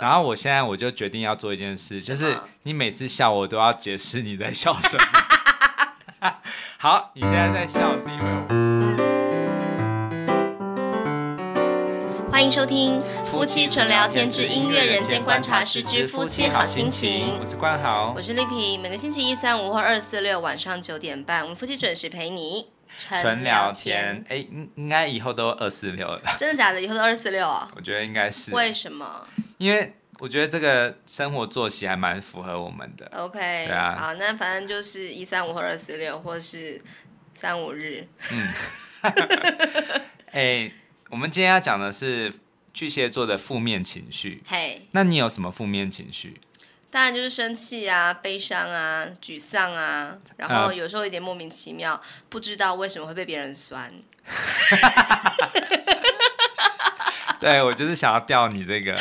然後我現在我就決定要做一件事，就是你每次笑我都要解釋你在笑什麼。 好，你現在在笑是因為我。歡迎收聽《夫妻純聊天之音樂人間觀察室之夫妻好星琴》。我是冠豪，我是麗萍。每個星期一、三、五或二、四、六晚上九點半，我們夫妻準時陪你純聊天。哎，應應該以後都二四六了。真的假的？以後都二四六啊？我覺得應該是。 為什麼？因為我覺得這個生活作息還蠻符合我們的。OK，對啊，好，那反正就是一三五或二四六，或是三五日。嗯，哎 ， hey, 我們今天要講的是巨蟹座的負面情緒。嘿，Hey, 那你有什麼負面情緒？當然就是生氣啊、悲傷啊、沮喪啊，然後有時候有點莫名其妙，uh, 不知道為什麼會被別人酸。 對，我就是想要釣你這個。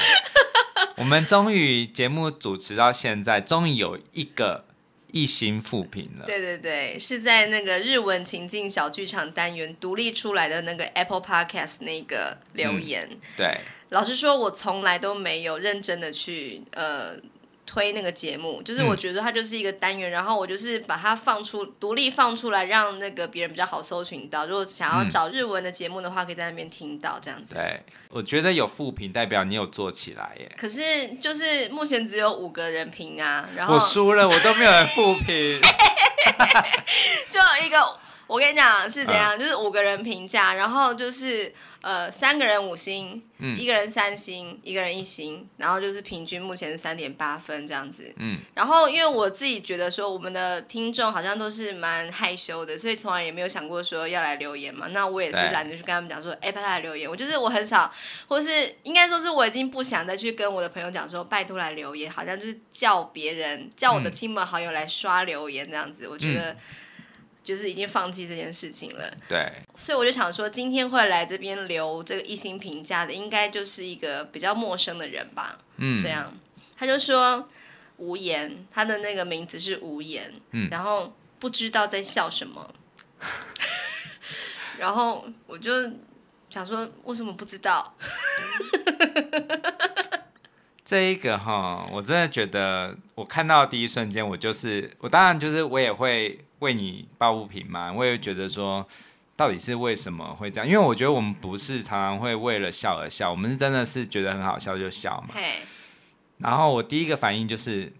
我們終於節目主持到現在，終於有一個一星負評了。 對對對，是在那個日文情境小劇場單元獨立出來的那個 Apple Podcast 那個留言。嗯、對，老實說，我從來都沒有認真的去呃。推那個節目，就是我覺得它就是一個單元，嗯、然後我就是把它放出獨立放出來，讓那個別人比較好搜尋到。如果想要找日文的節目的話，嗯、可以在那邊聽到這樣子。對，我覺得有負評，代表你有做起來耶。可是就是目前只有五個人評啊，然後我輸了，我都沒有人負評。 就有一個。我跟你講是怎樣？嗯、就是五個人評價，然後就是。呃，三個人五星，嗯、一個人三星，一個人一星，然後就是平均目前是三點八分這樣子。嗯，然後因為我自己覺得說，我們的聽眾好像都是蠻害羞的，所以從來也沒有想過說要來留言嘛。那我也是懶得去跟他們講說，哎對，欸、他來留言。我就是我很少，或是應該說是我已經不想再去跟我的朋友講說，拜託來留言，好像就是叫別人，叫我的親朋好友來刷留言這樣子。嗯、我覺得。就是已經放棄這件事情了。對，所以我就想說，今天會來這邊留這個一星評價的，應該就是一個比較陌生的人吧。嗯，這樣，他就說無言，他的那個名字是無言。嗯，然後不知道在笑什麼， 然後我就想說，為什麼不知道？ 這一個哈、哦，我真的覺得，我看到第一瞬間，我就是，我當然就是，我也會為你抱不平嘛，我也覺得說，到底是為什麼會這樣？因為我覺得我們不是常常會為了笑而笑，我們是真的是覺得很好笑就笑嘛。Hey. 然後我第一個反應就是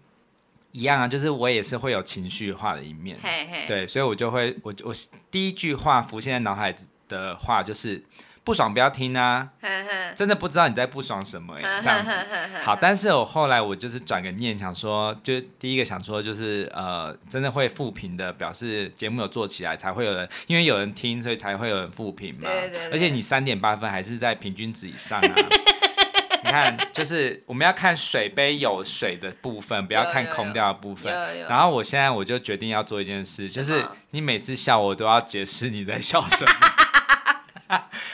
一樣啊，就是我也是會有情緒化的一面，Hey, hey. 對，所以我就會，我我第一句話浮現在腦海的話就是。不爽不要聽啊，呵呵，真的不知道你在不爽什麼，呵呵這樣子。呵呵好，但是我後來我就是轉個念，想說，就第一個想說就是，呃，真的會負評的，表示節目有做起來才會有人，因為有人聽，所以才會有人負評嘛。對，對對。而且你三點八分還是在平均值以上啊！ 你看，就是我們要看水杯有水的部分，不要看空掉的部分。然後我現在我就決定要做一件事，有有就是你每次笑，我都要解釋你在笑什麼。嗎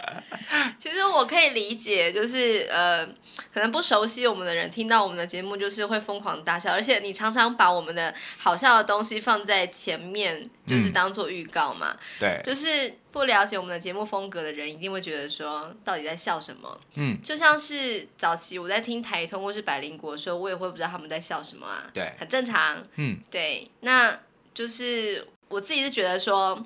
其實我可以理解，就是呃，可能不熟悉我們的人聽到我們的節目，就是會瘋狂大笑。而且你常常把我們的好笑的東西放在前面，就是當做預告嘛。嗯、對，就是不了解我們的節目風格的人，一定會覺得說到底在笑什麼。嗯，就像是早期我在聽台通或是百靈國的時候，我也會不知道他們在笑什麼啊。對，很正常。嗯，對，那就是我自己是覺得說。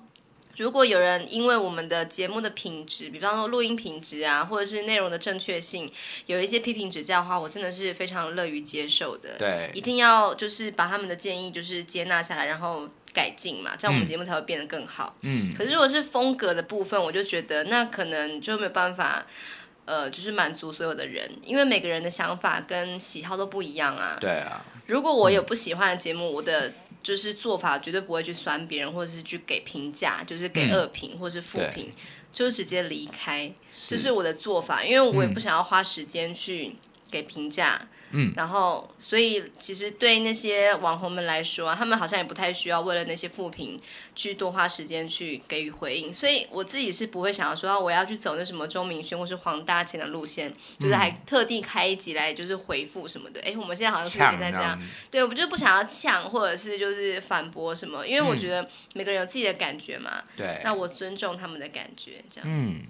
如果有人因為我們的節目的品質，比方說錄音品質啊，或者是內容的正確性，有一些批評指教的話，我真的是非常樂於接受的。對，一定要就是把他們的建議就是接納下來，然後改進嘛，這樣我們節目才會變得更好。嗯。嗯。可是如果是風格的部分，我就覺得那可能就沒有辦法，呃，就是滿足所有的人，因為每個人的想法跟喜好都不一樣啊。對啊。如果我有不喜歡的節目，嗯、我的。就是做法絕對不會去酸別人，或者是去給評價，就是給惡評、嗯、或是負評，對就直接離開。是這是我的做法，因為我也不想要花時間去給評價。嗯嗯、然後，所以其實對那些網紅們來說、啊，他們好像也不太需要為了那些負評去多花時間去給予回應。所以我自己是不會想要說我要去走那什麼鍾明軒或是黃大謙的路線，就是還特地開一集來就是回復什麼的。哎、嗯，我們現在好像一直在這樣，人對，我們就不想要嗆或者是就是反駁什麼，因為我覺得每個人有自己的感覺嘛，對、嗯，那我尊重他們的感覺，這樣，嗯。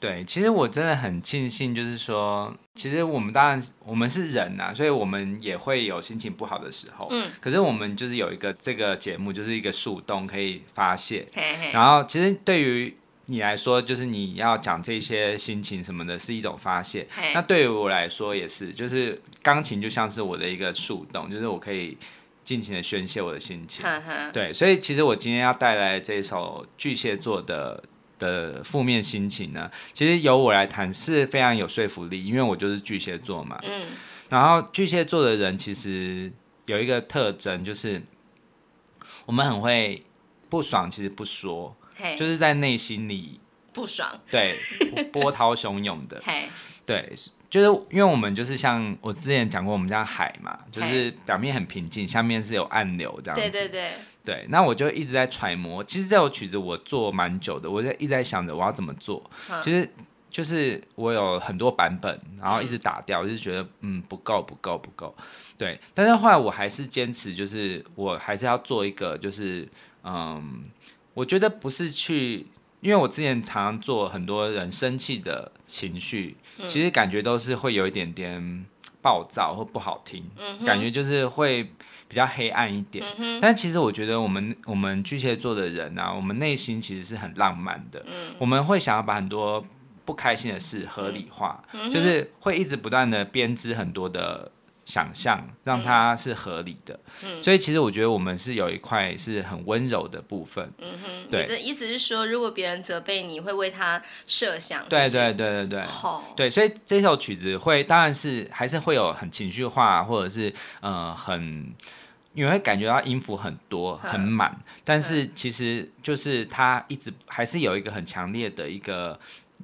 對，其實我真的很慶幸，就是說，其實我們當然我們是人吶、啊，所以我們也會有心情不好的時候。嗯，可是我們就是有一個這個節目，就是一個樹洞可以發洩。嘿嘿。然後，其實對於你來說，就是你要講這些心情什麼的，是一種發洩。嘿那對於我來說，也是，就是鋼琴就像是我的一個樹洞，就是我可以盡情的宣泄我的心情。嘿嘿。對，所以其實我今天要帶來這首巨蟹座的。的負面心情呢，其實由我來談是非常有說服力，因為我就是巨蟹座嘛。嗯。然後巨蟹座的人其實有一個特徵，就是我們很會不爽，其實不說，嘿就是在內心裡不爽。對，波濤洶湧的。嘿對，就是因為我們就是像我之前講過，我們像海嘛，嘿就是表面很平靜，下面是有暗流這樣。對對對。對，那我就一直在揣摩。其實這首曲子我做蠻久的，我就一直在想着我要怎麼做。其實就是我有很多版本，然後一直打掉，我就是覺得嗯，不夠，不夠，不夠，不夠。對，但是後來我還是堅持，就是我還是要做一個，就是嗯，我覺得不是去，因為我之前常常做很多人生氣的情緒，其實感覺都是會有一點點。暴躁、或不好聽，感覺就是會比較黑暗一點。但其實我覺得，我們我們巨蟹座的人啊，我們內心其實是很浪漫的。我們會想要把很多不開心的事合理化，就是會一直不斷的編織很多的。想象，讓它是合理的，嗯、所以其實我覺得我們是有一塊是很溫柔的部分。嗯哼，對。你的意思是說，如果別人責備你，會為他設想？對、就是、對對對對，oh. 對。所以這首曲子會，當然是還是會有很情緒化，或者是呃，很你會感覺到音符很多，很滿。嗯、但是其實就是它一直還是有一個很強烈的一個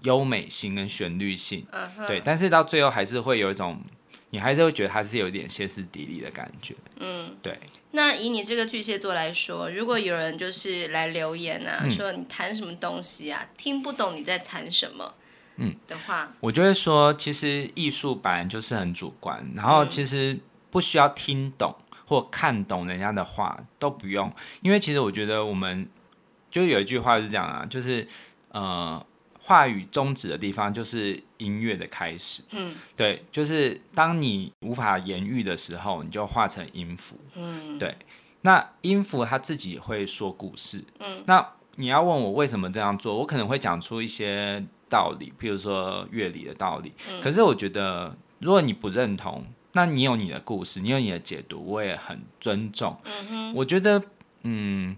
優美性跟旋律性。Uh huh. 對。但是到最後還是會有一種。你還是會覺得他是有點歇斯底里的感覺，嗯，對。那以你這個巨蟹座來說，如果有人就是來留言啊，嗯、說你談什麼東西啊，聽不懂你在談什麼，嗯的話嗯，我就會說，其實藝術本來就是很主觀，然後其實不需要聽懂或看懂人家的話都不用，因為其實我覺得我們就有一句話是這樣啊，就是呃。話語終止的地方就是音樂的開始。嗯，對，就是當你無法言喻的時候，你就化成音符。嗯，對。那音符他自己會說故事。嗯，那你要問我為什麼這樣做，我可能會講出一些道理，比如說樂理的道理。嗯、可是我覺得，如果你不認同，那你有你的故事，你有你的解讀，我也很尊重。嗯、哼我覺得，嗯。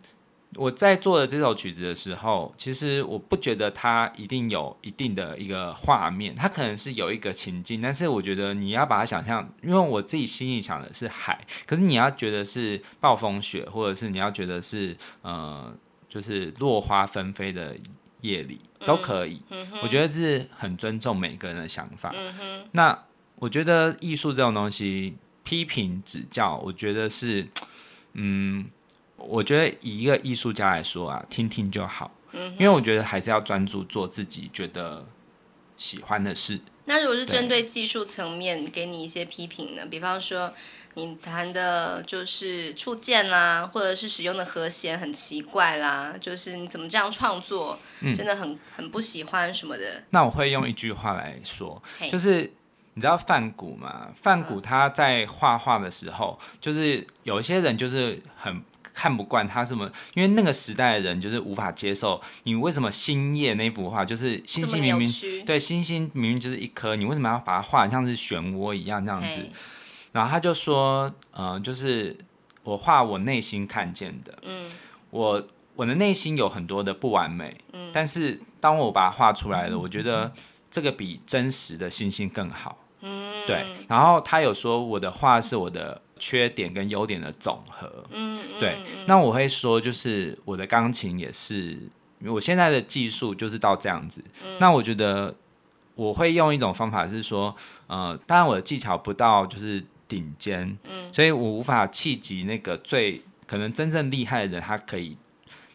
我在做的這首曲子的時候，其實我不覺得它一定有一定的一個畫面，它可能是有一個情境，但是我覺得你要把它想象，因為我自己心裡想的是海，可是你要覺得是暴風雪，或者是你要覺得是呃，就是落花紛飛的夜裡都可以。我覺得是很尊重每個人的想法。那我覺得藝術這種東西批評指教，我覺得是嗯。我覺得以一個藝術家來說啊，聽聽就好，嗯哼，因為我覺得還是要專注做自己覺得喜歡的事。那如果是針對技術層面給你一些批評呢？對比方說你彈的就是觸鍵啦，或者是使用的和弦很奇怪啦，就是你怎麼這樣創作，嗯、真的很很不喜歡什麼的。那我會用一句話來說，嗯、就是你知道梵谷嘛？梵谷他在畫畫的時候，呃、就是有一些人就是很。看不慣他什麼，因為那個時代的人就是無法接受你為什麼星夜那幅畫就是星星明明對，星星明明就是一顆，你為什麼要把它畫得像是漩渦一樣這樣子？然後他就說，嗯，就是我畫我內心看見的，嗯，我我的內心有很多的不完美，嗯，但是當我把它畫出來了，我覺得這個比真實的星星更好，嗯，對。然後他有說我的畫是我的。缺點跟優點的總和，嗯，對，那我會說，就是我的鋼琴也是，我現在的技術就是到這樣子。那我覺得我會用一種方法是說，呃，當然我的技巧不到就是頂尖，所以我無法企及那個最可能真正厲害的人，他可以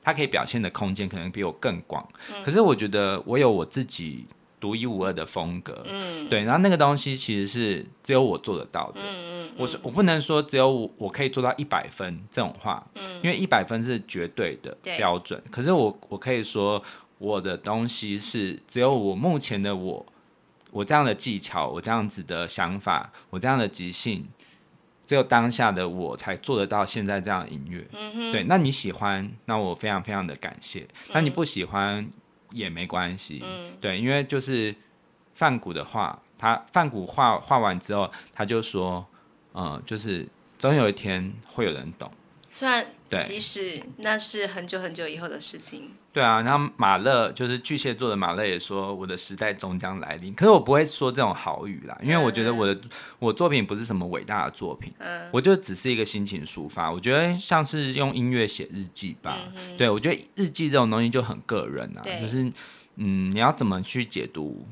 他可以表現的空間可能比我更廣。可是我覺得我有我自己。獨一無二的風格，嗯、對，然後那個東西其實是只有我做得到的。嗯嗯、我說我不能說只有我我可以做到一百分這種話，嗯，因為一百分是絕對的標準。對可是我我可以說我的東西是只有我目前的我，我這樣的技巧，我這樣子的想法，我這樣的即興，只有當下的我才做得到現在這樣音樂。嗯、哼對，那你喜歡，那我非常非常的感謝。那你不喜歡，嗯也沒關係，嗯、對，因為就是梵谷的話，他梵谷畫畫完之後，他就說，嗯、呃，就是總有一天會有人懂。雖然、嗯。對即使那是很久很久以後的事情。對啊，然後馬勒就是巨蟹座的馬勒也說，我的時代終將來臨。可是我不會說這種豪語啦，因為我覺得我的、嗯、我的我作品不是什麼偉大的作品，嗯、我就只是一個心情抒發。我覺得像是用音樂寫日記吧。嗯、哼對，我覺得日記這種東西就很個人啊，可對、就是嗯，你要怎麼去解讀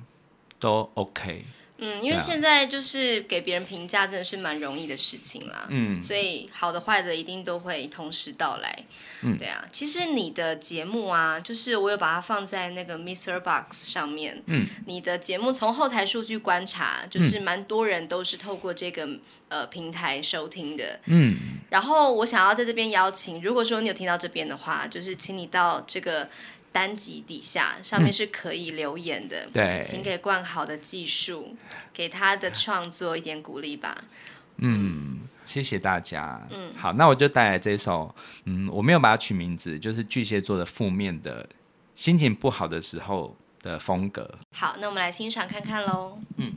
都 OK。嗯，因為現在就是給別人評價真的是蠻容易的事情啦，嗯，所以好的壞的一定都會同時到來，嗯、對啊，其實你的節目啊，就是我有把它放在那個 MixerBox 上面，嗯，你的節目從後台數據觀察，就是蠻多人都是透過這個呃平台收聽的，嗯，然後我想要在這邊邀請，如果說你有聽到這邊的話，就是請你到這個。單集底下，上面是可以留言的。嗯、對，請給冠豪的技術，給他的創作一點鼓勵吧。嗯，謝謝大家。嗯，好，那我就帶來這首，嗯，我沒有把它取名字，就是巨蟹座的負面的心情不好的時候的風格。好，那我們來欣賞看看嘍。嗯。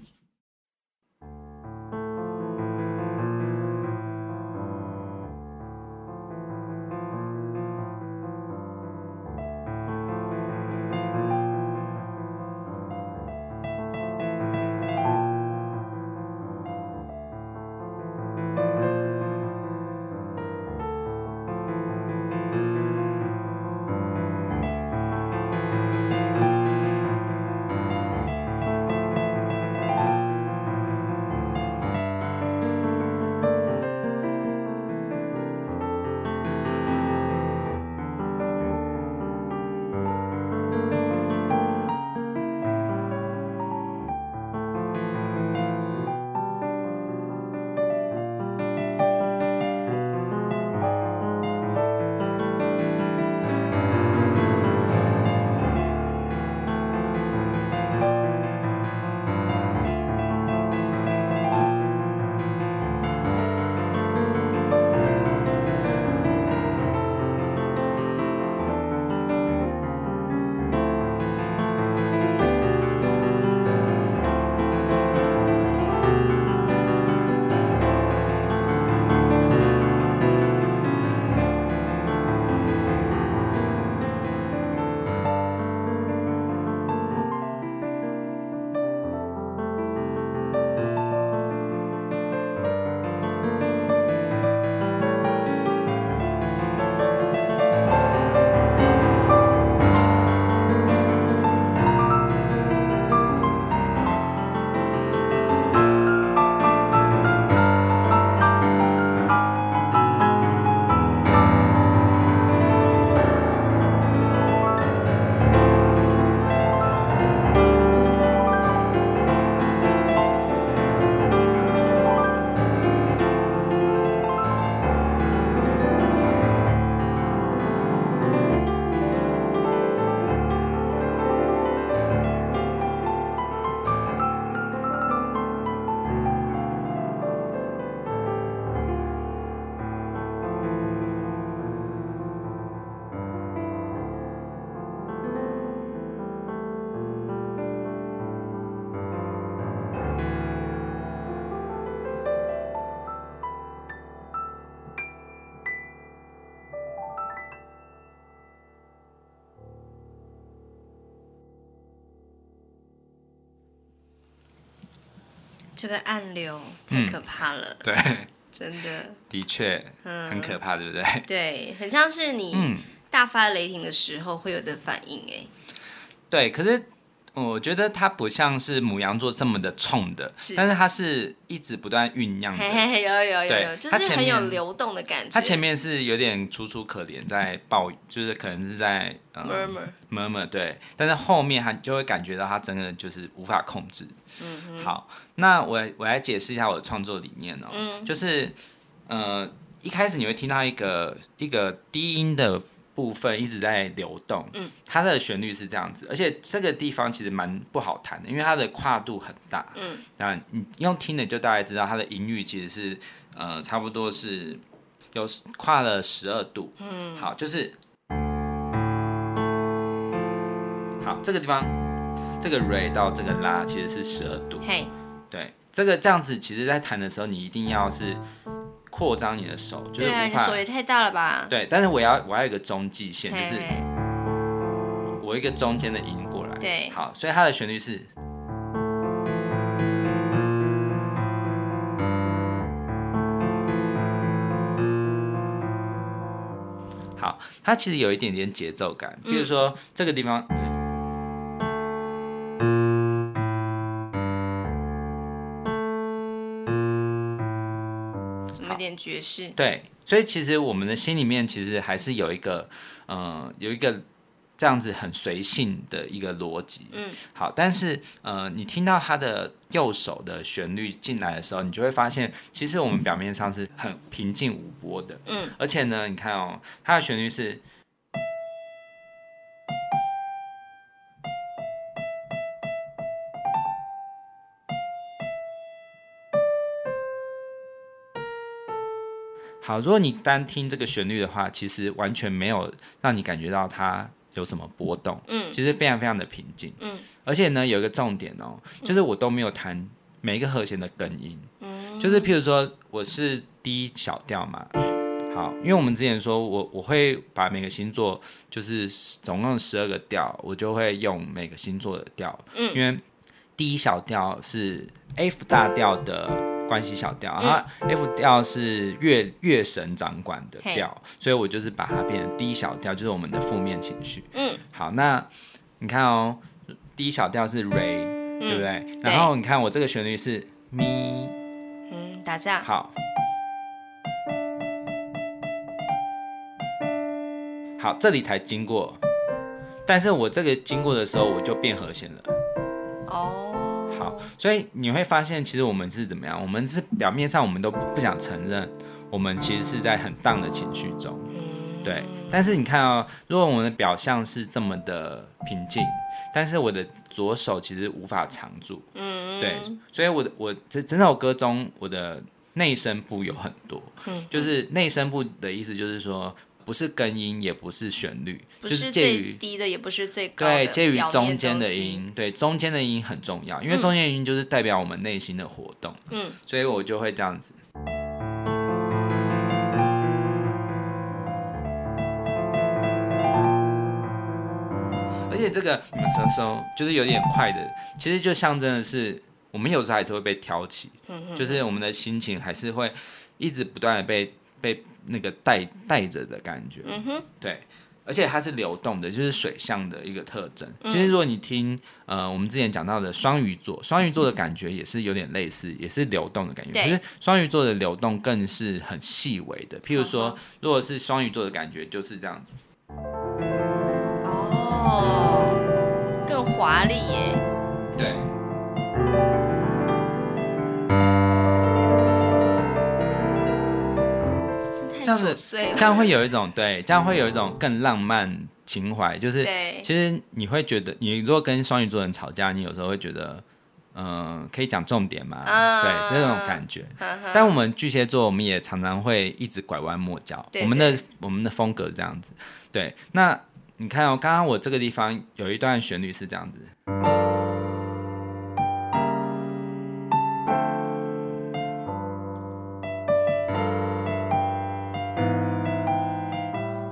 這個暗流太可怕了，嗯、對，真的，的確，嗯、很可怕，對不對？對，很像是你大發雷霆的時候會有的反應。欸，哎、嗯，對，可是。我覺得它不像是牡羊座這麼的衝的，是但是它是一直不斷醞釀的嘿嘿，有有有，有，對就是很有流動的感覺。它前，前面是有點楚楚可憐，在抱，嗯、就是可能是在嗯，呃、Murmur, 對。但是後面它就會感覺到它真的就是無法控制。嗯嗯哼。好，那我我來解釋一下我的創作理念哦，嗯、就是呃，一開始你會聽到一個一個低音的。部分一直在流動，嗯，它的旋律是這樣子，而且這個地方其實蠻不好彈的，因為它的跨度很大，嗯，那你用聽的就大概知道它的音域其實是，呃，差不多是有跨了十二度，嗯，好，就是，好，這個地方這個 Re 到這個拉其實是十二度，嘿，對，這個這樣子，其實在彈的時候你一定要是。擴張你的手，就是不怕。你的手也太大了吧？對，但是我要，我要有一個中繼線，嘿嘿，就是我一個中間的音過來。對，好，所以它的旋律是好，它其實有一點點節奏感，嗯、比如說這個地方。爵士，對，所以其實我們的心裡面其實還是有一個，嗯、呃，有一個這樣子很隨性的一個邏輯。嗯，好，但是呃，你聽到他的右手的旋律進來的時候，你就會發現，其實我們表面上是很平靜無波的。嗯，而且呢，你看哦，他的旋律是，好，如果你單聽這個旋律的話，其實完全沒有讓你感覺到它有什麼波動，嗯，其實非常非常的平靜，嗯，而且呢，有一個重點哦，嗯，就是我都沒有彈每一個和弦的根音，嗯，就是譬如說我是 D 小調嘛，好，因為我們之前說我我會把每個星座就是總共十二個調，我就會用每個星座的調，嗯，因為 D 小調是 F 大調的關係小調啊、嗯、F 調是月月神掌管的調，嘿所以我就是把它變成 D 小調，就是我們的負面情緒。嗯，好，那你看哦，D 小調是 Ray、嗯、對不對？嗯、然後你看我這個旋律是咪，嗯，打架。好，好，這裡才經過，但是我這個經過的時候我就變和弦了。哦。好，所以你會發現，其實我們是怎麼樣？我們是表面上我們都不，不想承認，我們其實是在很蕩的情緒中，對。但是你看啊，哦，如果我們的表象是這麼的平靜，但是我的左手其實無法藏住，嗯，對。所以我的我整整首歌中，我的內聲部有很多，就是內聲部的意思，就是說。不是根音，也不是旋律，是就是介於低的，也不是最高的。對，介於中間的音，的對，中間的音很重要，嗯、因為中間音就是代表我們內心的活動。嗯，所以我就會這樣子。嗯、而且這個們說就是有點快的，嗯、其實就象徵的是我們有時候還是會被挑起，嗯、哼就是我們的心情還是會一直不斷的被被。被那個帶帶着的感覺，嗯、哼對，而且它是流動的，就是水象的一個特徵。嗯、其實如果你聽，呃，我們之前講到的雙魚座，雙魚座的感覺也是有點類似，也是流動的感覺。嗯、可是雙魚座的流動更是很細微的。對譬如說，如果是雙魚座的感覺就是這樣子。哦，更華麗耶。對。這樣子，這樣會有一種，對，這樣會有一種更浪漫情懷。就是，其實你會覺得，你如果跟雙魚座人吵架，你有時候會覺得，嗯，可以講重點嘛？對，這種感覺。但我們巨蟹座，我們也常常會一直拐彎抹角，我們的我們的風格這樣子。對，那你看，哦，剛剛我這個地方有一段旋律是這樣子。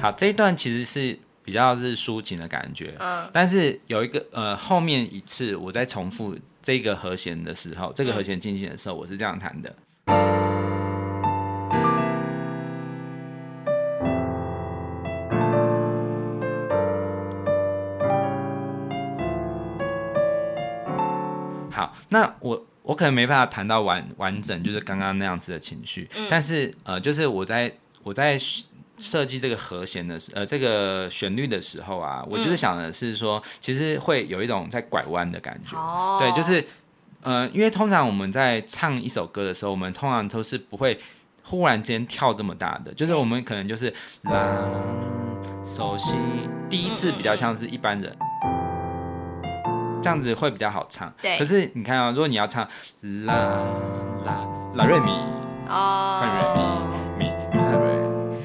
好，這一段其實是比較是抒情的感覺，嗯、但是有一個呃，後面一次我再重複這個和弦的時候，嗯、這個和弦進行的時候，我是這樣彈的。嗯、好，那我我可能沒辦法彈到完完整，就是剛剛那樣子的情緒，嗯、但是呃，就是我在我在。設計這個和弦的時，呃，這個旋律的時候啊，我就是想的是說，嗯、其實會有一種在拐彎的感覺。哦。對，就是，嗯、呃，因為通常我們在唱一首歌的時候，我們通常都是不會忽然間跳這麼大的，就是我們可能就是，對啦，So、Si，第一次比較像是一般人，嗯、這樣子會比較好唱。對。可是你看啊，如果你要唱，啦啦拉瑞米，啊、哦。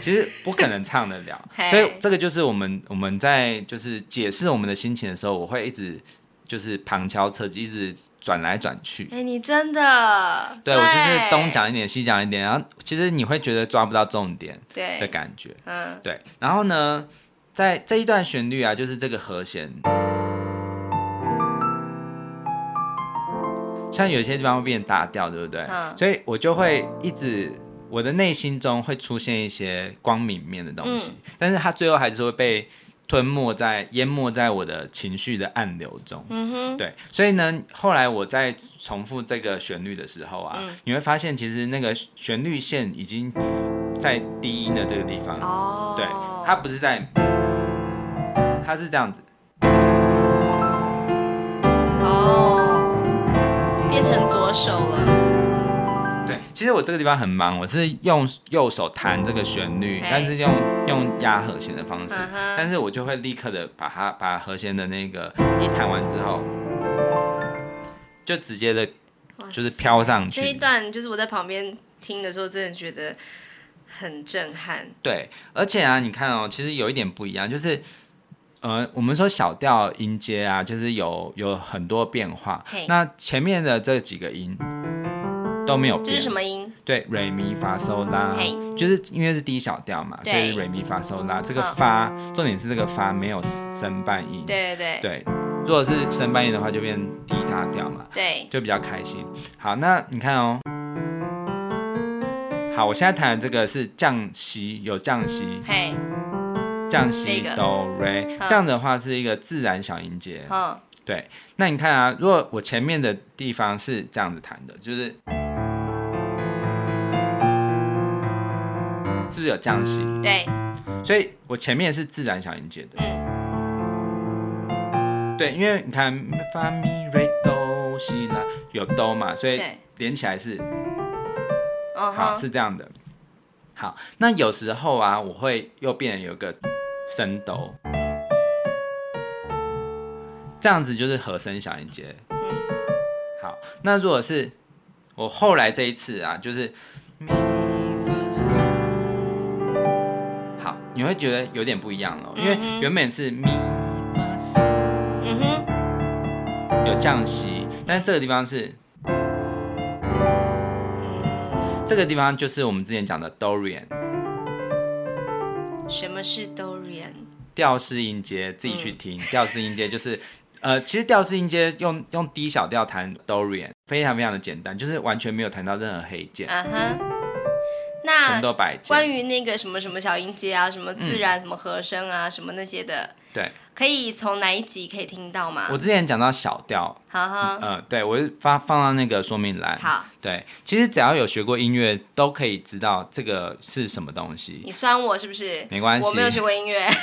其實不可能唱得了。 所以這個就是我們我們在就是解釋我們的心情的時候，我會一直就是旁敲側擊，一直轉來轉去。哎、欸，你真的？對，對我就是東講一點，西講一點，然後其實你會覺得抓不到重點，對的感覺。嗯對，對。然後呢，在這一段旋律啊，就是這個和弦，嗯、像有些地方會變大調，對不對？嗯、所以我就會一直。我的內心中會出現一些光明面的東西，嗯、但是它最後還是會被吞沒在淹沒在我的情緒的暗流中。嗯哼，對，所以呢，後來我在重複這個旋律的時候啊，嗯、你會發現其實那個旋律線已經在低音的這個地方。哦，對，它不是在，它是這樣子。哦，變成左手了。對，其實我這個地方很忙，我是用右手彈這個旋律，嘿但是用用壓和弦的方式，啊、哈但是我就會立刻的把它把和弦的那個一彈完之後，就直接的，就是飄上去。這一段就是我在旁邊聽的時候，真的覺得很震撼。對，而且啊，你看哦，其實有一點不一樣，就是呃，我們說小調音階啊，就是有有很多變化。嘿那前面的這幾個音，都沒有。這是什麼音？對，Re Mi Fa Sol La，就是因為是 D 小調嘛，所以 Re Mi Fa Sol La 這個 Fa，重點是這個 Fa 沒有升半音。對對對。對，如果是升半音的話，就變 D 大調嘛。對，就比較開心。好，那你看哦。好，我現在彈的這個是降 Si，有降 Si。嘿。降 Si Do Re，這樣的話是一個自然小音階，嗯。對，那你看啊，如果我前面的地方是這樣子彈的，就是。是不是有降西？對，所以我前面是自然小音階的。嗯、對，因為你看，發咪瑞哆西呢有哆嘛，所以連起來是，對好，好是這樣的。好，那有時候啊，我會又變成有一個升哆，這樣子就是和聲小音階。好，那如果是我後來這一次啊，就是。會覺得有點不一樣了，嗯、哼因為原本是咪，嗯哼，有降息，但是這個地方是，嗯、這個地方就是我們之前講的 Dorian。什麼是 Dorian？調式音階，自己去聽。調式、嗯、音階就是， 呃，其實調式音階用用 D 小調彈 Dorian，非常非常的簡單，就是完全沒有彈到任何黑鍵。Uh huh. 那關於那個什麼什麼小音階啊，什麼自然、嗯、什麼和聲啊，什麼那些的，對，可以從哪一集可以聽到嗎？我之前講到小調，好， 嗯，呃、對我是放,放到那個說明欄。好，對，其實只要有學過音樂，都可以知道這個是什麼東西。你酸我是不是？沒關係，我沒有學過音樂，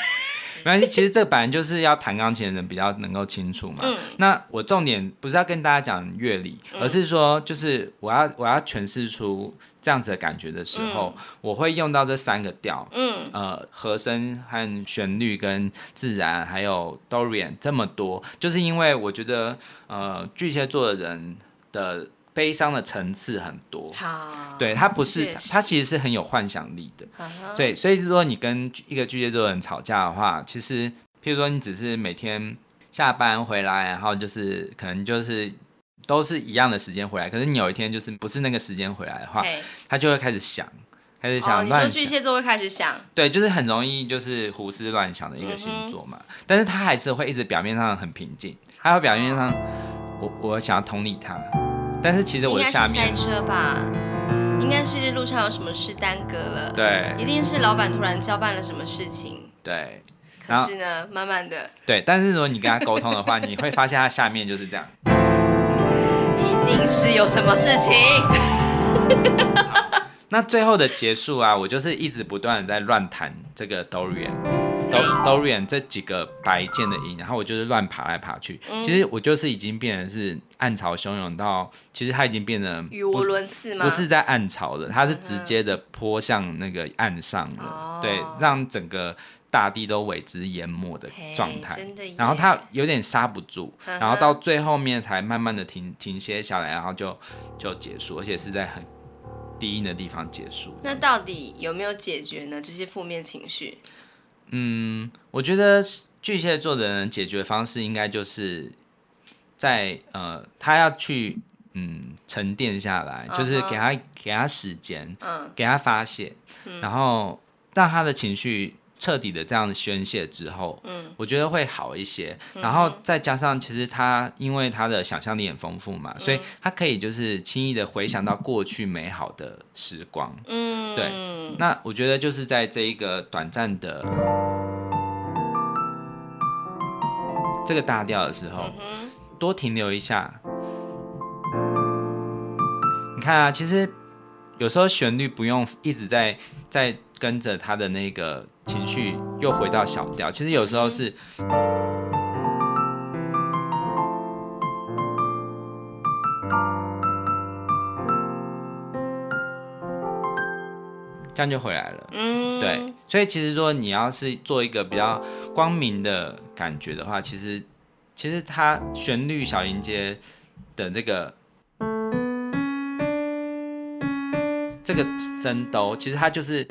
沒關係。其實這本來就是要彈鋼琴的人比較能夠清楚嘛。嗯， 那我重點不是要跟大家講樂理，嗯、而是說，就是我要我要詮釋出。這樣子的感覺的時候，嗯、我會用到這三個調，嗯，呃，和聲和旋律跟自然，還有 Dorian 這麼多，就是因為我覺得，呃，巨蟹座的人的悲傷的層次很多，好、啊，對他不是，不是他其實是很有幻想力的，對、啊哈，所以，所以如果你跟一個巨蟹座的人吵架的話，其實，譬如說你只是每天下班回來，然後就是可能就是。都是一樣的時間回來，可是你有一天就是不是那個時間回來的話，嘿他就會開始想，開始想，哦、亂想。你說巨蟹座會開始想，對，就是很容易就是胡思亂想的一個星座嘛。嗯、哼但是他還是會一直表面上很平靜，他會表面上，我我想要同理他，但是其實我下面的。塞車吧？應該是路上有什麼事耽擱了。對，一定是老闆突然交辦了什麼事情。對，可是呢，慢慢的。對，但是如果你跟他溝通的話， 你會發現他下面就是這樣。是有什麼事情 那最後的結束啊，我就是一直不斷的在亂彈這個 Dorian、嗯、Do, Dorian 這幾個白鍵的音，然後我就是亂爬來爬去。嗯、其實我就是已經變成是暗潮洶湧到，其實它已經變得語無倫次嗎？不是在暗潮了，它是直接的潑向那個岸上了，嗯嗯對，讓整個。大地都為之淹沒的狀態，hey, 真的，然後他有點剎不住，uh huh. 然後到最後面才慢慢的停停歇下來，然後就就結束，而且是在很低音的地方結束。那到底有沒有解決呢？這些負面情緒？嗯，我覺得巨蟹座的人解決方式應該就是在呃，他要去嗯沉澱下來，就是給他、uh huh. 給他時間，嗯、uh，huh. 給他發泄，然後讓、uh huh. 他的情緒。徹底的這樣宣泄之後，嗯，我覺得會好一些。嗯、然後再加上，其實他因為他的想象力很豐富嘛，嗯、所以他可以就是輕易的回想到過去美好的時光。嗯，對。那我覺得就是在這一個短暫的這個大調的時候，嗯、多停留一下。你看啊，其實有時候旋律不用一直在在跟着他的那個。情緒又回到小調，其實有時候是這樣就回來了。嗯，對，所以其實說你要是做一個比較光明的感覺的話，其實其實它旋律小音階的這個這個升 do，其實它就是。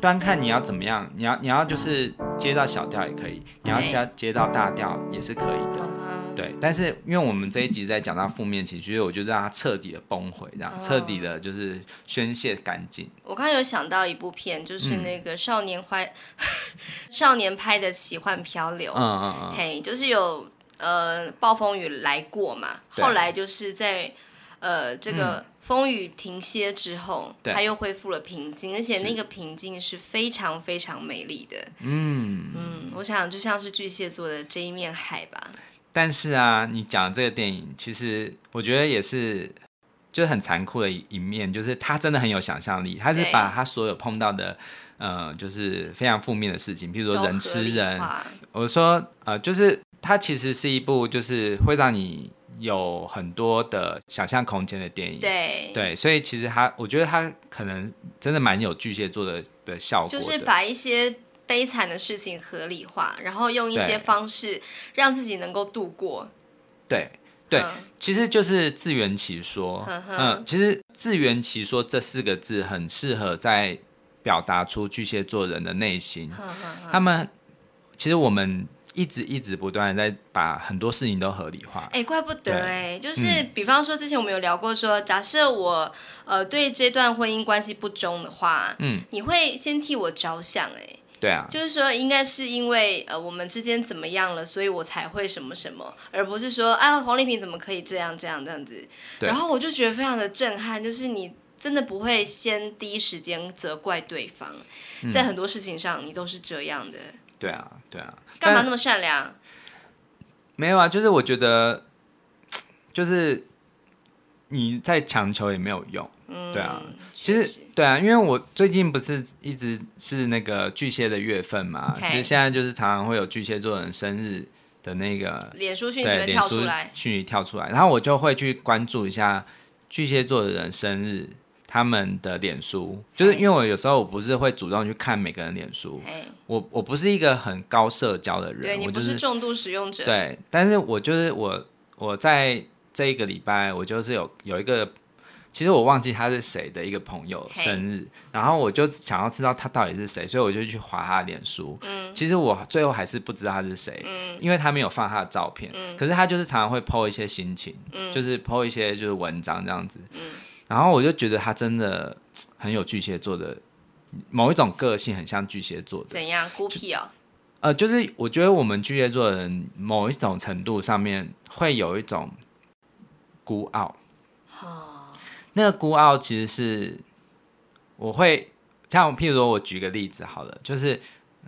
端看你要怎麼樣，嗯、你要你要就是接到小調也可以，嗯、你要加接到大調也是可以的，嗯、對。但是因為我們這一集在講到負面情緒，我就讓他徹底的崩毀，這樣徹、哦、底的就是宣洩乾淨。我剛有想到一部片，就是那個少年拍、嗯、 少年拍的奇幻漂流，嗯嗯嗯，嘿，hey, 就是有呃暴風雨來過嘛，啊、後來就是在。呃，這個風雨停歇之後，嗯、它又恢復了平靜，對而且那個平靜是非常非常美麗的。嗯嗯，我想就像是巨蟹座的這一面海吧。但是啊，你講這個電影，其實我覺得也是，就是很殘酷的一面，就是他真的很有想象力，他是把他所有碰到的，對呃，就是非常負面的事情，譬如說人吃人。我說，呃，就是它其實是一部，就是會讓你。有很多的想象空間的電影，對對，所以其實他，我覺得他可能真的蠻有巨蟹座的的效果的，就是把一些悲慘的事情合理化，然後用一些方式讓自己能夠度過。對對，對嗯、其實就是自圓其說。嗯，嗯，嗯其實“自圓其說”這四個字很適合在表達出巨蟹座人的內心。嗯嗯、他們其實我們。一直一直不斷地在把很多事情都合理化，哎、欸，怪不得哎、欸，對就是比方說之前我們有聊過說，說、嗯、假設我呃對這段婚姻關係不忠的話，嗯，你會先替我着想、欸，哎，對啊，就是說應該是因為呃我們之間怎麼樣了，所以我才會什麼什麼，而不是說哎、啊、黃麗萍怎麼可以這樣這樣這樣子，對然後我就覺得非常的震撼，就是你真的不會先第一時間責怪對方，嗯、在很多事情上你都是這樣的。對啊，對啊，幹嘛那麼善良？沒有啊，就是我覺得，就是你再強求也沒有用。嗯，對啊，實，其實對啊，因為我最近不是一直是那個巨蟹的月份嘛，所以 Okay, 現在就是常常會有巨蟹座人生日的那個臉書訊息會跳出來，跳出來，然後我就會去關注一下巨蟹座的人生日。他們的臉書，就是因為我有時候我不是會主動去看每個人臉書，Hey. 我我不是一個很高社交的人，對，我就是，你就是重度使用者，對，但是我就是我我在這一個禮拜，我就是有有一個，其實我忘記他是誰的一個朋友生日，Hey. 然後我就想要知道他到底是誰，所以我就去划他的臉書，嗯，其實我最後還是不知道他是誰，嗯，因為他沒有放他的照片，嗯，可是他就是常常會 po 一些心情，嗯，就是 po 一些就是文章這樣子，嗯。然後我就覺得他真的很有巨蟹座的某一種個性，很像巨蟹座的。怎樣孤僻哦？呃，就是我覺得我們巨蟹座的人某一種程度上面會有一種孤傲。哦、那個孤傲其實是我會像，譬如說，我舉個例子好了，就是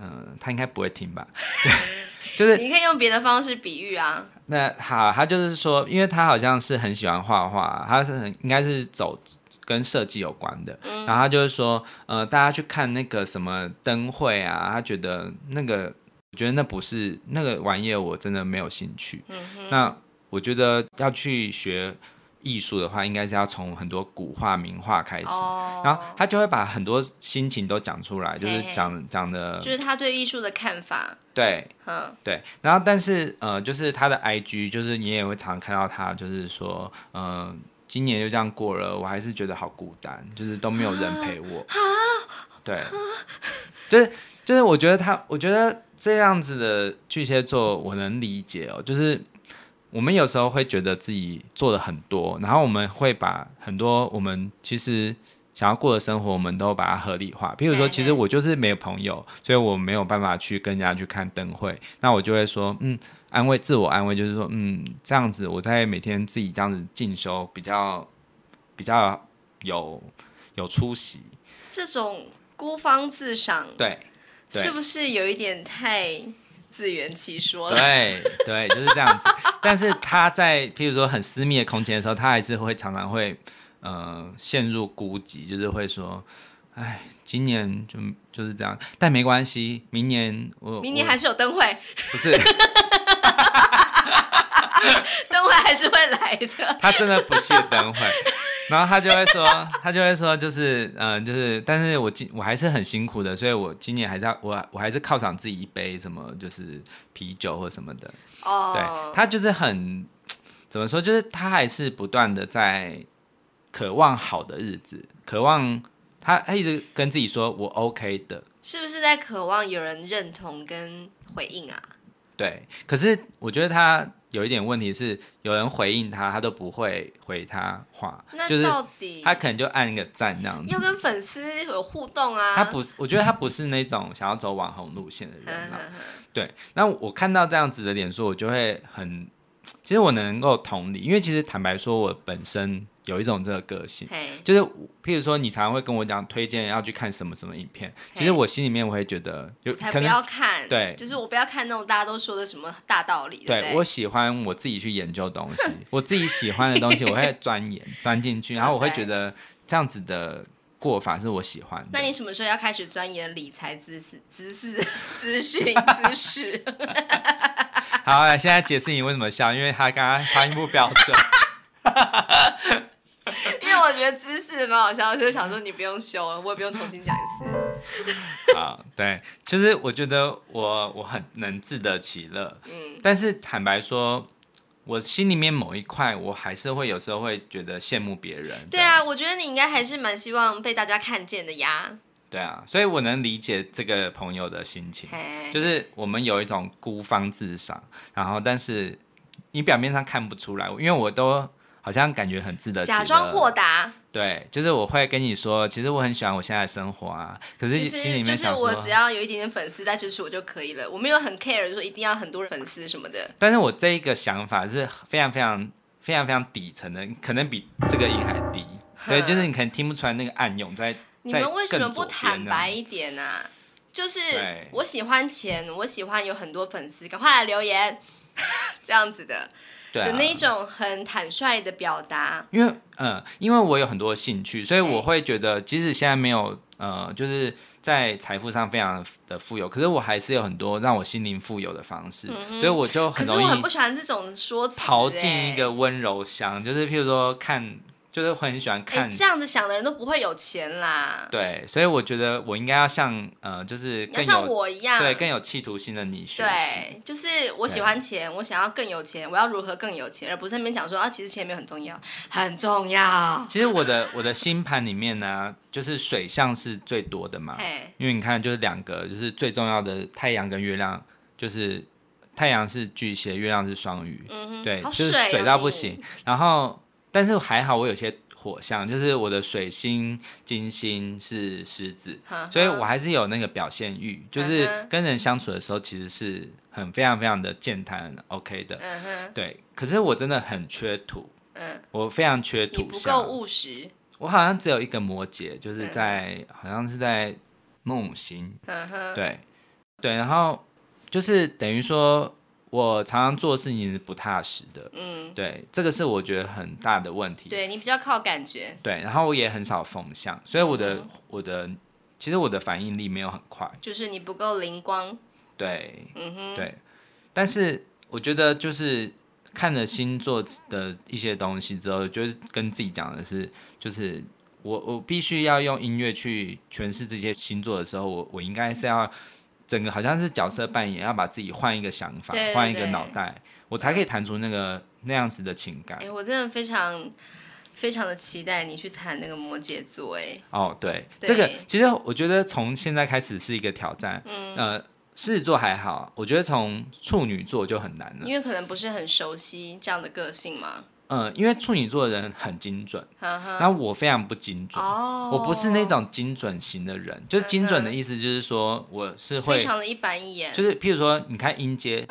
嗯、呃，他應該不會聽吧。 就是你可以用別的方式比喻啊。那好，他就是說，因為他好像是很喜歡畫畫，他是很應該是走跟設計有關的。然後他就是說，呃，大家去看那個什麼燈會啊，他覺得那個，我覺得那不是那個玩意兒，我真的沒有興趣。嗯哼。那我覺得要去學藝術的話，應該是要從很多古畫、名畫開始，哦、然後他就會把很多心情都講出來，嘿嘿就是講講的，就是他對藝術的看法。對，嗯呵，對。然後，但是呃，就是他的 IG，就是你也會常看到他，就是說，嗯、呃，今年就這樣過了，我還是覺得好孤單，就是都沒有人陪我。啊、對、啊就是，就是就是，我覺得他，我覺得這樣子的巨蟹座，我能理解哦、喔，就是。我們有時候會覺得自己做的很多，然後我們會把很多我們其實想要過的生活，我們都把它合理化。譬如說，其實我就是沒有朋友，所以我沒有辦法去跟人家去看燈會，那我就會說，嗯，安慰自我安慰，就是說，嗯，這樣子我在每天自己這樣子進修比較，比較比較有有出息。這種孤芳自賞，對，對，是不是有一點太？自圓其說。對，對對，就是這樣子。 但是他在譬如說很私密的空間的時候，他還是會常常會、呃、陷入孤寂，就是會說，哎，今年就就是這樣，但沒關係，明年我明年還是有燈會，不是，燈 會還是會來的。他真的不屑燈會。 然後他就會說，他就會說，就是，嗯、呃，就是，但是我今我還是很辛苦的，所以我今年還是要我，我還是犒賞自己一杯什麼，就是啤酒或什麼的。哦、oh.，對他就是很，怎麼說，就是他還是不斷的在渴望好的日子，渴望他，他一直跟自己說，我 OK 的，是不是在渴望有人認同跟回應啊？對，可是我覺得他。有一點問題是，有人回應他，他都不會回他話，那到底就是他可能就按一個贊那樣子。要跟粉絲有互動啊。他不是，我覺得他不是那種想要走網紅路線的人。對，那我看到這樣子的臉書，我就會很，其實我能夠同理，因為其實坦白說，我本身。有一種這個個性，就是譬如說，你常常會跟我講推薦要去看什麼什麼影片，其實我心裡面我會覺得，就才不要看，對，就是我不要看那種大家都說的什麼大道理。對我喜歡我自己去研究東西，我自己喜歡的東西，我會鑽研鑽進去，然後我會覺得這樣子的過法是我喜歡的。那你什麼時候要開始鑽研理財知識、知識、資訊、知識？好，來，現在解釋你為什麼笑，因為他剛剛發音不標準。 覺得姿勢蠻好笑的，就想說你不用修，我也不用重新講一次。啊 ，uh, 對，其、就、實、是、我覺得我我很能自得其樂，嗯，但是坦白說，我心裡面某一塊，我還是會有時候會覺得羨慕別人。對，對啊，我覺得你應該還是蠻希望被大家看見的呀。對啊，所以我能理解這個朋友的心情，Hey. 就是我們有一種孤芳自賞，然後但是你表面上看不出來，因為我都。好像感覺很自得，假裝豁達。對，就是我會跟你說，其實我很喜歡我現在的生活啊。可是其實、就是、就是我只要有一點點粉絲在支持我就可以了，我沒有很 care 就說一定要很多粉絲什麼的。但是我這一個想法是非常非常非常非常底層的，可能比這個音還低。哼對，就是你可能聽不出來那個暗湧在。在你們為什麼不坦白一點呢？啊？就是我喜歡錢，對我喜歡有很多粉絲，趕快來留言， 這樣子的。對啊、的那種很坦率的表達，因為嗯，因為我有很多興趣，所以我會覺得，即使現在沒有呃，就是在財富上非常的富有，可是我還是有很多讓我心靈富有的方式，嗯嗯所以我就很容易。可是我很不喜歡這種說辭、欸，逃進一個溫柔鄉，就是譬如說看。就是會很喜歡看、欸、這樣子想的人都不會有錢啦。對，所以我覺得我應該要像呃，就是更要像我一樣，對，更有企圖心的你學習。對，就是我喜歡錢，對我想要更有錢，我要如何更有錢，而不是那邊講說啊，其實錢沒有很重要，很重要。其實我的我的星盤裡面呢， 就是水象是最多的嘛。嘿因為你看，就是兩個，就是最重要的太陽跟月亮，就是太陽是巨蟹，月亮是雙魚，嗯、哼對，就是水到不行，啊、然後。但是還好，我有些火象，就是我的水星、金星是獅子，呵呵，所以我還是有那個表現慾，呵呵，就是跟人相處的時候，其實是很非常非常的健談，OK 的。呵呵對。可是我真的很缺土，嗯呵，我非常缺土象，不夠務實。我好像只有一個摩羯，就是在呵呵好像是在冥王星，嗯哼呵，對對，然後就是等於說。我常常做的事情是不踏實的，嗯，對，這個是我覺得很大的問題。對，你比較靠感覺，對，然後我也很少風向，所以我的、嗯、我的其實我的反應力沒有很快，就是你不夠靈光，對，嗯，嗯哼，對。但是我覺得就是看了星座的一些東西之後， 就是跟自己講的是，就是我我必須要用音樂去詮釋這些星座的時候，我我應該是要。整個好像是角色扮演，嗯、要把自己換一個想法，對對對換一個腦袋，我才可以彈出那個那樣子的情感。哎、欸，我真的非常非常的期待你去彈那個摩羯座。哎，哦，對，對這個其實我覺得從現在開始是一個挑戰。嗯，呃，獅子座還好，我覺得從處女座就很難了，因為可能不是很熟悉這樣的個性嘛。嗯，因為處女座的人很精準，然後呵我非常不精準，哦、我不是那種精準型的人。的就是精準的意思，就是說我是會非常的一板一眼。就是譬如說，你看音階，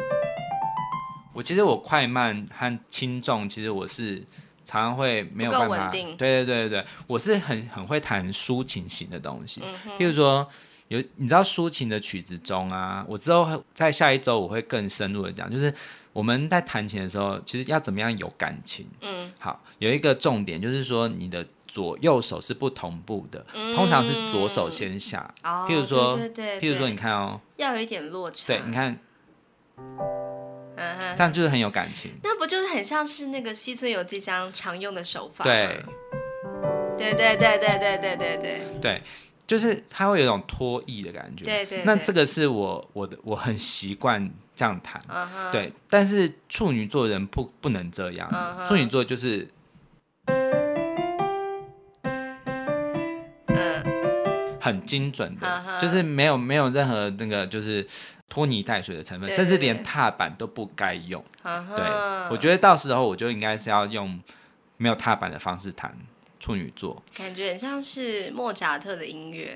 我其實我快慢和輕重，其實我是常常會沒有辦法。定對對對對，我是很很會彈抒情型的東西。嗯、哼譬如說有，有你知道抒情的曲子中啊，我之後在下一周我會更深入的講，就是。我們在彈琴的時候，其實要怎麼樣有感情？嗯，好，有一個重點就是說，你的左右手是不同步的，嗯、通常是左手先下。哦，譬如說，對,對對，譬如說，你看哦，要有一點落差。對，你看，嗯、啊哈，這樣就是很有感情。那不就是很像是那個西村由紀江常用的手法嗎？對，對,對,對,對,對,對，對，對，對，對，對，對，對，對，就是他會有一種拖曳的感覺。對對,對對，那這個是我我的我很習慣。這樣彈，uh huh. 對，但是處女座人不不能這樣，uh huh. 處女座就是，很精準的，uh huh. 就是沒有沒有任何那個就是拖泥帶水的成分，uh huh. 甚至連踏板都不該用。Uh huh. 對，我覺得到時候我就應該是要用沒有踏板的方式彈處女座，感覺很像是莫扎特的音樂。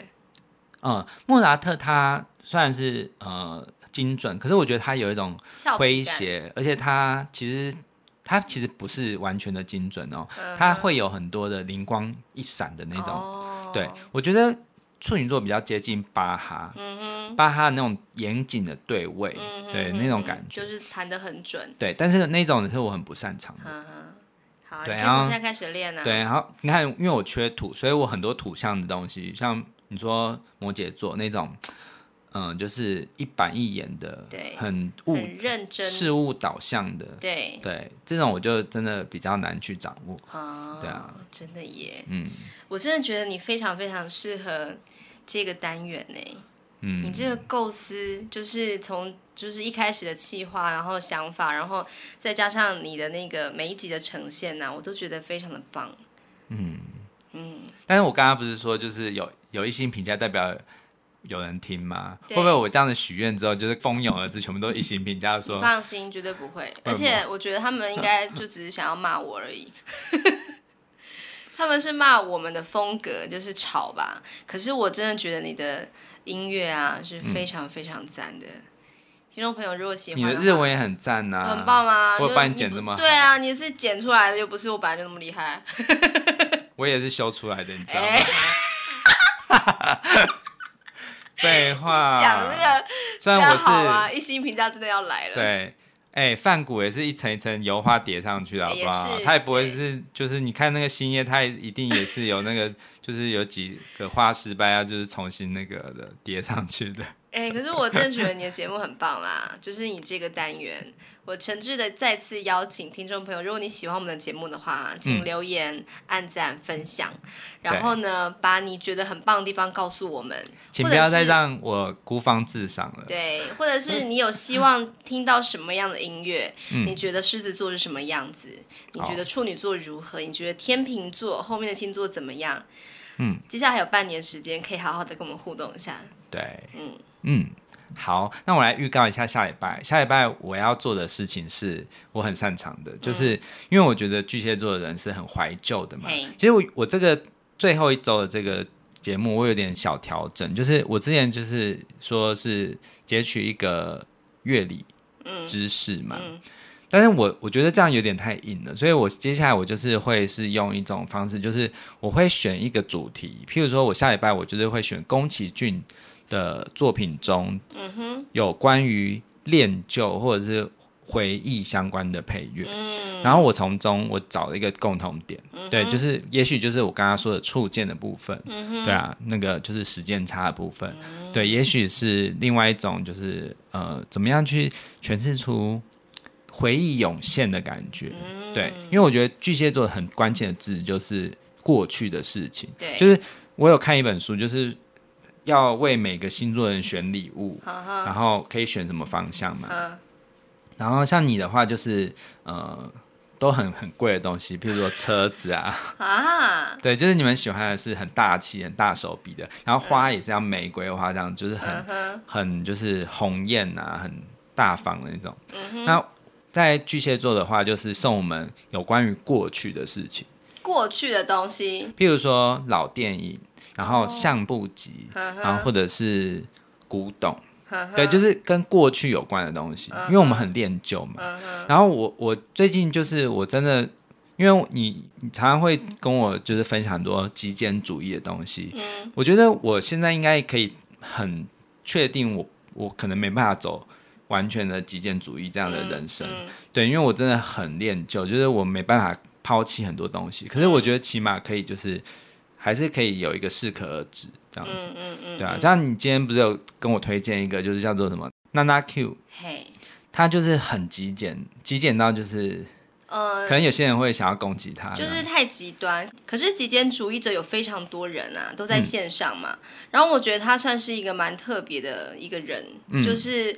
嗯，莫扎特他雖然是呃。精準，可是我覺得他有一種詼諧，而且他其實他其實不是完全的精準哦，他、嗯、哼會有很多的靈光一閃的那種。哦、對，我覺得處女座比較接近巴哈，嗯、哼巴哈那種嚴謹的對位，嗯、哼哼哼對，那種感覺就是彈得很準。對，但是那種是我很不擅長的。嗯、好、啊，對啊、你現在開始練了、啊。對，然後你看，因為我缺土，所以我很多土象的東西，像你說摩羯座那種。嗯，就是一板一眼的，對，很,物很認真、事物導向的，對對，這種我就真的比較難去掌握哦，啊對啊，真的耶，嗯，我真的覺得你非常非常適合這個單元呢，嗯，你這個構思就是從就是一開始的計劃，然後想法，然後再加上你的那個每一集的呈現呢、啊，我都覺得非常的棒，嗯嗯，嗯但是我剛剛不是說就是有有一些評價代表。有人聽嗎？對會不會我這樣子許願之後，就是蜂擁而至，全部都一星評價說？放心，絕對不會。而且我覺得他們應該就只是想要罵我而已。 他們是罵我們的風格，就是吵吧。可是我真的覺得你的音樂啊是非常非常讚的。嗯、聽眾朋友如果喜歡，你的日文也很讚吶、啊，很棒嗎？我幫你剪這麼好，對啊，你是剪出來的，又不是我本來就那麼厲害。我也是修出來的，你知道嗎？ 廢話，講那、這個，雖然我是這樣好啊！一星評價真的要來了。對，哎、欸，梵谷也是一層一層油畫疊上去的、欸、好不好？他也，是也不會是，對就是你看那個星夜，他一定也是有那個， 就是有幾個畫失敗啊，就是重新那個的疊上去的。哎、欸，可是我真的覺得你的節目很棒啦， 就是你這個單元。我誠摯的再次邀請聽眾朋友，如果你喜歡我們的節目的話，請留言、嗯、按讚、分享，然後呢，對把你覺得很棒的地方告訴我們，請不要再讓我孤芳自賞了。對，或者是你有希望聽到什麼樣的音樂？嗯、你覺得獅子座是什麼樣子？嗯、你覺得處女座如何？哦、你覺得天秤座後面的星座怎麼樣？嗯，接下來還有半年時間，可以好好的跟我們互動一下。對，嗯嗯。嗯好，那我來預告一下下禮拜。下禮拜我要做的事情是我很擅長的，就是因為我覺得巨蟹座的人是很懷舊的嘛。嘿其實我我這個最後一周的這個節目，我有點小調整，就是我之前就是說是截取一個樂理知識嘛，嗯嗯、但是我我覺得這樣有點太硬了，所以我接下來我就是會是用一種方式，就是我會選一個主題，譬如說我下禮拜我就是會選宮崎駿。的作品中，嗯哼，有關於戀舊或者是回憶相關的配樂，嗯，然後我從中我找了一個共同點，對，就是也許就是我剛剛說的觸鍵的部分，對啊，那個就是時間差的部分，對，也許是另外一種就是呃，怎麼樣去詮釋出回憶湧現的感覺，對，因為我覺得巨蟹座很關鍵的字就是過去的事情，對，就是我有看一本書，就是。要為每個星座人選禮物，嗯、然後可以選什麼方向嘛？嗯、然後像你的話，就是呃，都很很貴的東西，譬如說車子啊啊，嗯、對，就是你們喜歡的是很大氣、很大手筆的。然後花也是要玫瑰花，這樣就是很、嗯、哼很就是紅豔啊，很大方的那種。嗯、哼那在巨蟹座的話，就是送我們有關於過去的事情，過去的東西，譬如說老電影。然後相簿集，然後或者是古董，呵呵對，就是跟過去有關的東西，呵呵因為我們很戀舊嘛。呵呵然後我我最近就是我真的，因為你，你常常會跟我就是分享很多極簡主義的東西。嗯、我覺得我現在應該可以很確定我，我我可能沒辦法走完全的極簡主義這樣的人生，嗯嗯、對，因為我真的很戀舊，就是我沒辦法拋棄很多東西。可是我覺得起碼可以就是。還是可以有一個適可而止這樣子，嗯嗯嗯、對啊，像你今天不是有跟我推薦一個，嗯、就是叫做什麼 NanaQ，嘿，他就是很極簡，極簡到就是，呃，可能有些人會想要攻擊他，就是太極端。這樣可是極簡主義者有非常多人啊，都在線上嘛。嗯、然後我覺得他算是一個蠻特別的一個人，嗯、就是。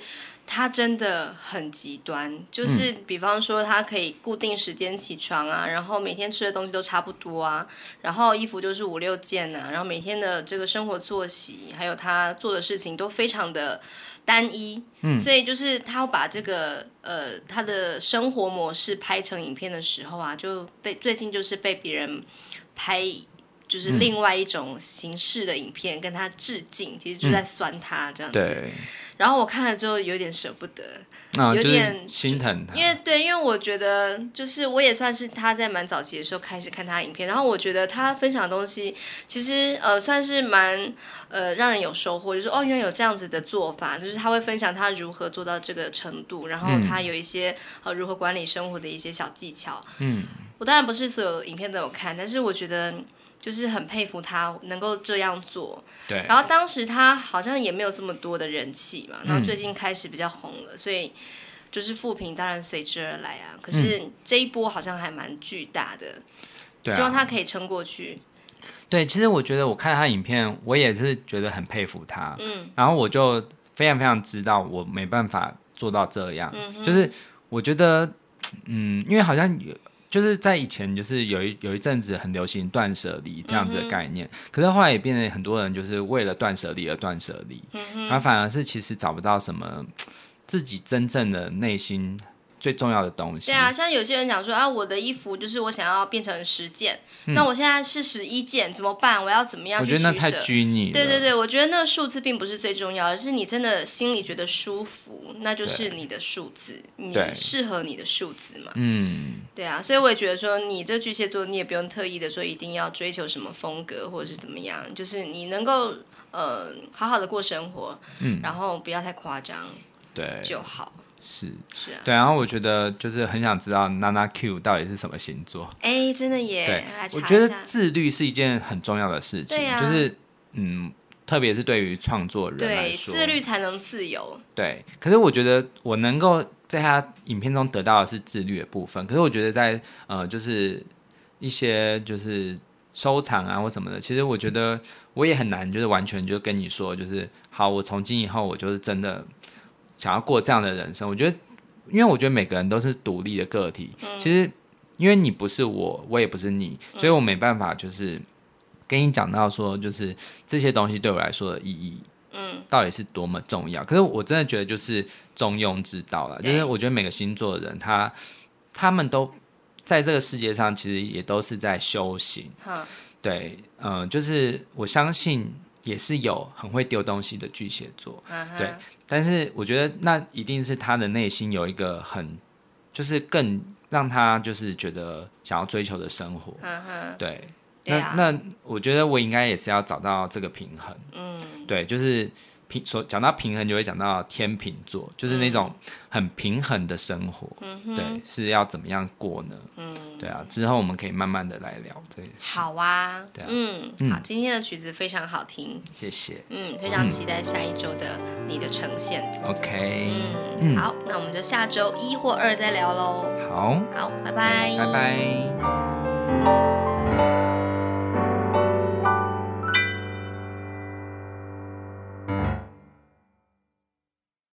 他真的很極端，就是比方說他可以固定時間起床啊，嗯、然後每天吃的東西都差不多啊，然後衣服就是五六件啊，然後每天的這個生活作息還有他做的事情都非常的單一，嗯、所以就是他要把這個呃他的生活模式拍成影片的時候啊，就被最近就是被別人拍就是另外一種形式的影片、嗯、跟他致敬，其實就在酸他這樣子。嗯、對。然後我看了之後有點捨不得，啊、有點心疼他，因為對，因為我覺得就是我也算是他在蠻早期的時候開始看他的影片，然後我覺得他分享的東西其實呃算是蠻呃讓人有收穫，就是哦原來有這樣子的做法，就是他會分享他如何做到這個程度，然後他有一些、嗯、呃如何管理生活的一些小技巧。嗯，我當然不是所有影片都有看，但是我覺得。就是很佩服他能夠這樣做，對。然後當時他好像也沒有這麼多的人氣嘛，嗯、然後最近開始比較紅了，所以就是負評當然隨之而來啊。嗯、可是這一波好像還蠻巨大的，啊、希望他可以撐過去。對，其實我覺得我看他影片，我也是覺得很佩服他。嗯。然後我就非常非常知道我沒辦法做到這樣，嗯、哼就是我覺得，嗯，因為好像有。就是在以前，就是有一有一陣子很流行“斷捨離”這樣子的概念，嗯、哼可是後來也變得很多人就是為了捨而捨“斷捨離”而“斷捨離”，而反而是其實找不到什麼自己真正的內心。最重要的東西。對啊，像有些人講說，啊，我的衣服就是我想要變成十件，嗯、那我現在是十一件，怎麼辦？我要怎麼樣去取捨？我覺得那太拘泥。對對對，我覺得那個數字並不是最重要的，是你真的心裡覺得舒服，那就是你的數字，對你適合你的數字嘛。嗯，對啊，所以我也覺得說，你這巨蟹座，你也不用特意的說一定要追求什麼風格或者是怎麼樣，就是你能夠呃好好的過生活，嗯、然後不要太誇張，對，就好。是是，是啊、對，然後我覺得就是很想知道娜娜 Q 到底是什麼星座？哎、欸，真的耶。對我覺得自律是一件很重要的事情，啊、就是嗯，特別是對於創作人來說，對，自律才能自由。對，可是我覺得我能夠在他影片中得到的是自律的部分，可是我覺得在呃，就是一些就是收藏啊或什麼的，其實我覺得我也很難，就是完全就跟你說，就是好，我從今以後我就是真的。想要過這樣的人生，我覺得，因為我覺得每個人都是獨立的個體。嗯、其實，因為你不是我，我也不是你，所以我沒辦法就是跟你講到說，就是這些東西對我來說的意義，到底是多麼重要。可是我真的覺得就是重用之道了，就、嗯、是，我覺得每個星座的人，他他們都在這個世界上，其實也都是在修行。哈對，嗯、呃，就是我相信也是有很會丟東西的巨蟹座。嗯、啊、哈對。但是我覺得那一定是他的內心有一個很，就是更讓他就是覺得想要追求的生活，呵呵，對，Yeah. 那那我覺得我應該也是要找到這個平衡，嗯，對，就是。平所講到平衡，就會講到天秤座，就是那種很平衡的生活。對，是要怎麼樣過呢？對啊，之後我們可以慢慢的來聊這件事。好啊。對啊。嗯，好，今天的曲子非常好聽，謝謝。嗯，非常期待下一周的你的呈現。OK。嗯，好，那我們就下周一或二再聊嘍。好。好，拜拜。拜拜。